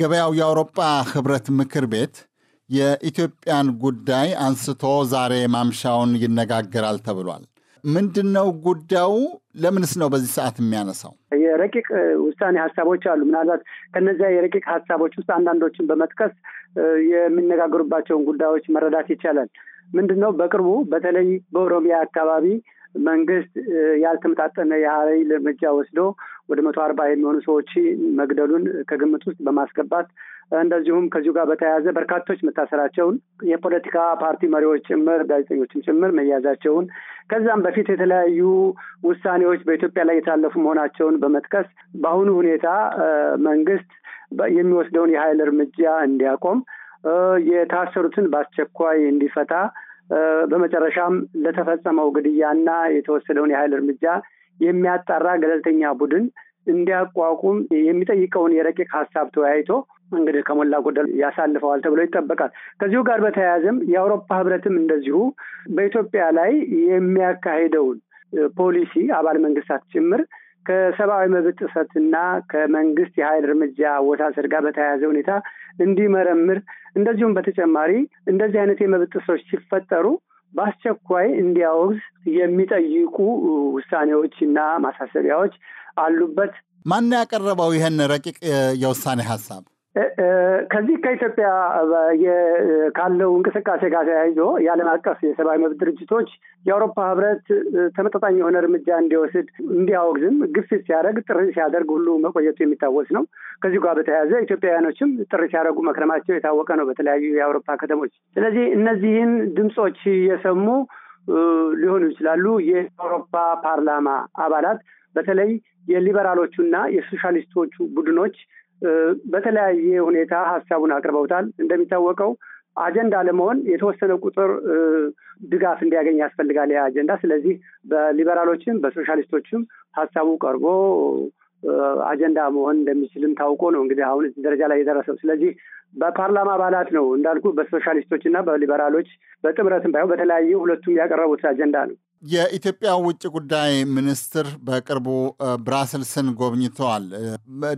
ገበያው የአውሮጳ ህብረት ምክር ቤት የኢትዮጵያን ጉዳይ አንስቶ ዛሬ ማምሻውን ይነጋገራል ተብሏል። ምንድን ነው ጉዳዩ? ለምንስ ነው በዚህ ሰዓት የሚያነሳው? የረቂቅ ውሳኔ ሀሳቦች አሉ። ምናልባት ከነዚያ የረቂቅ ሀሳቦች ውስጥ አንዳንዶችን በመጥቀስ የሚነጋገሩባቸውን ጉዳዮች መረዳት ይቻላል። ምንድን ነው በቅርቡ በተለይ በኦሮሚያ አካባቢ መንግስት ያልተመጣጠነ የኃይል እርምጃ ወስዶ ወደ መቶ አርባ የሚሆኑ ሰዎች መግደሉን ከግምት ውስጥ በማስገባት እንደዚሁም ከዚሁ ጋር በተያያዘ በርካቶች መታሰራቸውን የፖለቲካ ፓርቲ መሪዎች ጭምር ጋዜጠኞችም ጭምር መያዛቸውን ከዛም በፊት የተለያዩ ውሳኔዎች በኢትዮጵያ ላይ የታለፉ መሆናቸውን በመጥቀስ በአሁኑ ሁኔታ መንግስት የሚወስደውን የኃይል እርምጃ እንዲያቆም የታሰሩትን በአስቸኳይ እንዲፈታ በመጨረሻም ለተፈጸመው ግድያና የተወሰደውን የኃይል እርምጃ የሚያጣራ ገለልተኛ ቡድን እንዲያቋቁም የሚጠይቀውን የረቂቅ ሀሳብ ተወያይቶ እንግዲህ ከሞላ ጎደል ያሳልፈዋል ተብሎ ይጠበቃል። ከዚሁ ጋር በተያያዘም የአውሮፓ ህብረትም እንደዚሁ በኢትዮጵያ ላይ የሚያካሄደውን ፖሊሲ አባል መንግስታት ጭምር ከሰብአዊ መብት ጥሰትና ከመንግስት የኃይል እርምጃ አወሳሰድ ጋር በተያያዘ ሁኔታ እንዲመረምር እንደዚሁም በተጨማሪ እንደዚህ አይነት የመብት ጥሰቶች ሲፈጠሩ በአስቸኳይ እንዲያወግዝ የሚጠይቁ ውሳኔዎች እና ማሳሰቢያዎች አሉበት። ማን ያቀረበው ይህን ረቂቅ የውሳኔ ሀሳብ? ከዚህ ከኢትዮጵያ ካለው እንቅስቃሴ ጋር ተያይዞ የዓለም አቀፍ የሰብአዊ መብት ድርጅቶች የአውሮፓ ህብረት ተመጣጣኝ የሆነ እርምጃ እንዲወስድ እንዲያወግዝም ግፊት ሲያደርግ ጥሪ ሲያደርግ ሁሉ መቆየቱ የሚታወስ ነው። ከዚህ ጋር በተያያዘ ኢትዮጵያውያኖችም ጥሪ ሲያደርጉ መክረማቸው የታወቀ ነው በተለያዩ የአውሮፓ ከተሞች። ስለዚህ እነዚህን ድምፆች እየሰሙ ሊሆኑ ይችላሉ የአውሮፓ ፓርላማ አባላት በተለይ የሊበራሎቹና የሶሻሊስቶቹ ቡድኖች በተለያየ ሁኔታ ሀሳቡን አቅርበውታል። እንደሚታወቀው አጀንዳ ለመሆን የተወሰነ ቁጥር ድጋፍ እንዲያገኝ ያስፈልጋል ያ አጀንዳ። ስለዚህ በሊበራሎችም በሶሻሊስቶችም ሀሳቡ ቀርቦ አጀንዳ መሆን እንደሚችልም ታውቆ ነው እንግዲህ አሁን ደረጃ ላይ የደረሰው። ስለዚህ በፓርላማ አባላት ነው እንዳልኩ በሶሻሊስቶች እና በሊበራሎች በጥምረትም ባይሆን በተለያዩ ሁለቱም ያቀረቡት አጀንዳ ነው። የኢትዮጵያ ውጭ ጉዳይ ሚኒስትር በቅርቡ ብራስልስን ጎብኝተዋል።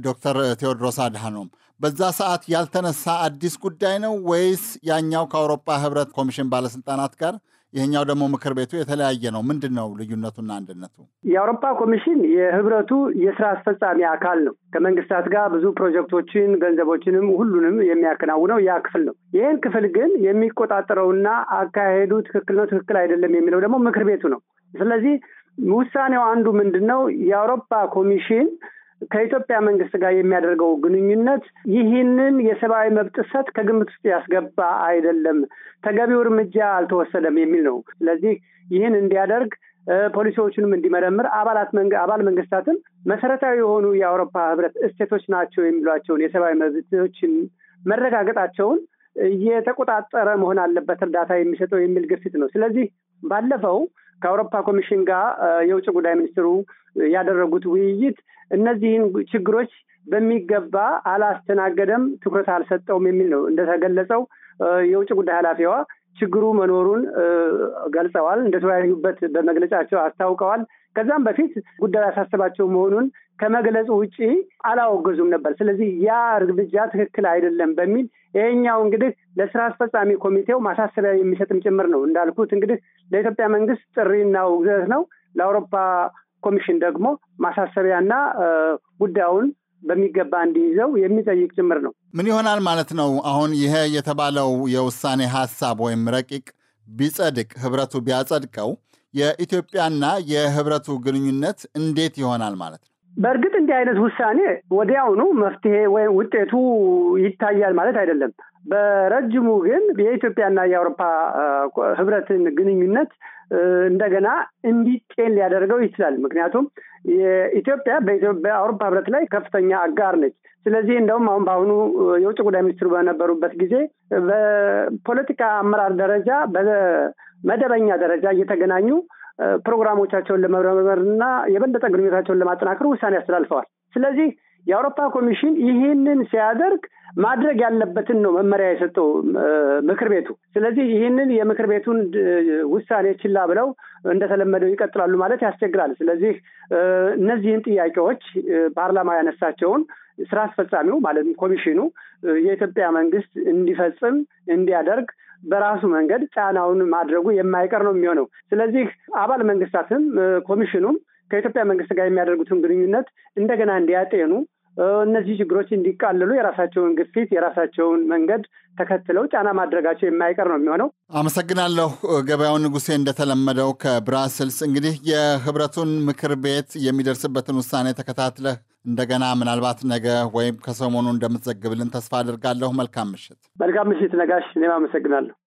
ዶክተር ቴዎድሮስ አድሃኖም በዛ ሰዓት ያልተነሳ አዲስ ጉዳይ ነው ወይስ ያኛው ከአውሮፓ ህብረት ኮሚሽን ባለስልጣናት ጋር ይህኛው ደግሞ ምክር ቤቱ የተለያየ ነው። ምንድን ነው ልዩነቱና አንድነቱ? የአውሮፓ ኮሚሽን የህብረቱ የስራ አስፈጻሚ አካል ነው። ከመንግስታት ጋር ብዙ ፕሮጀክቶችን፣ ገንዘቦችንም ሁሉንም የሚያከናውነው ያ ክፍል ነው። ይህን ክፍል ግን የሚቆጣጠረውና አካሄዱ ትክክል ነው፣ ትክክል አይደለም የሚለው ደግሞ ምክር ቤቱ ነው። ስለዚህ ውሳኔው አንዱ ምንድን ነው የአውሮፓ ኮሚሽን ከኢትዮጵያ መንግስት ጋር የሚያደርገው ግንኙነት ይህንን የሰብአዊ መብት ጥሰት ከግምት ውስጥ ያስገባ አይደለም፣ ተገቢው እርምጃ አልተወሰደም የሚል ነው። ስለዚህ ይህን እንዲያደርግ ፖሊሲዎቹንም እንዲመረምር አባላት አባል መንግስታትም መሰረታዊ የሆኑ የአውሮፓ ህብረት እስቴቶች ናቸው የሚሏቸውን የሰብአዊ መብቶችን መረጋገጣቸውን እየተቆጣጠረ መሆን አለበት እርዳታ የሚሰጠው የሚል ግፊት ነው። ስለዚህ ባለፈው ከአውሮፓ ኮሚሽን ጋር የውጭ ጉዳይ ሚኒስትሩ ያደረጉት ውይይት እነዚህን ችግሮች በሚገባ አላስተናገደም፣ ትኩረት አልሰጠውም የሚል ነው። እንደተገለጸው የውጭ ጉዳይ ኃላፊዋ ችግሩ መኖሩን ገልጸዋል። እንደተወያዩበት በመግለጫቸው አስታውቀዋል። ከዛም በፊት ጉዳዩ ያሳስባቸው መሆኑን ከመግለጹ ውጪ አላወገዙም ነበር። ስለዚህ ያ እርምጃ ትክክል አይደለም በሚል ይሄኛው እንግዲህ ለስራ አስፈጻሚ ኮሚቴው ማሳሰቢያ የሚሰጥም ጭምር ነው። እንዳልኩት እንግዲህ ለኢትዮጵያ መንግስት ጥሪና ውግዘት ነው። ለአውሮፓ ኮሚሽን ደግሞ ማሳሰቢያና ጉዳዩን በሚገባ እንዲይዘው የሚጠይቅ ጭምር ነው። ምን ይሆናል ማለት ነው? አሁን ይሄ የተባለው የውሳኔ ሀሳብ ወይም ረቂቅ ቢጸድቅ፣ ህብረቱ ቢያጸድቀው የኢትዮጵያና የህብረቱ ግንኙነት እንዴት ይሆናል ማለት ነው? በእርግጥ እንዲህ አይነት ውሳኔ ወዲያውኑ መፍትሄ ወይም ውጤቱ ይታያል ማለት አይደለም። በረጅሙ ግን የኢትዮጵያና የአውሮፓ ህብረትን ግንኙነት እንደገና እንዲጤን ሊያደርገው ይችላል። ምክንያቱም ኢትዮጵያ አውሮፓ ህብረት ላይ ከፍተኛ አጋር ነች። ስለዚህ እንደውም አሁን በአሁኑ የውጭ ጉዳይ ሚኒስትሩ በነበሩበት ጊዜ በፖለቲካ አመራር ደረጃ በመደበኛ ደረጃ እየተገናኙ ፕሮግራሞቻቸውን ለመመርመርና የበለጠ ግንኙነታቸውን ለማጠናከር ውሳኔ አስተላልፈዋል። ስለዚህ የአውሮፓ ኮሚሽን ይህንን ሲያደርግ ማድረግ ያለበትን ነው መመሪያ የሰጠው ምክር ቤቱ። ስለዚህ ይህንን የምክር ቤቱን ውሳኔ ችላ ብለው እንደተለመደው ይቀጥላሉ ማለት ያስቸግራል። ስለዚህ እነዚህን ጥያቄዎች ፓርላማ ያነሳቸውን ስራ አስፈጻሚው ማለትም ኮሚሽኑ የኢትዮጵያ መንግስት እንዲፈጽም እንዲያደርግ በራሱ መንገድ ጫናውን ማድረጉ የማይቀር ነው የሚሆነው። ስለዚህ አባል መንግስታትም ኮሚሽኑም ከኢትዮጵያ መንግስት ጋር የሚያደርጉትን ግንኙነት እንደገና እንዲያጤኑ እነዚህ ችግሮች እንዲቃለሉ የራሳቸውን ግፊት የራሳቸውን መንገድ ተከትለው ጫና ማድረጋቸው የማይቀር ነው የሚሆነው። አመሰግናለሁ ገበያው ንጉሴ። እንደተለመደው ከብራስልስ እንግዲህ የህብረቱን ምክር ቤት የሚደርስበትን ውሳኔ ተከታትለህ እንደገና ምናልባት ነገ ወይም ከሰሞኑ እንደምትዘግብልን ተስፋ አድርጋለሁ። መልካም ምሽት። መልካም ምሽት ነጋሽ። እኔም አመሰግናለሁ።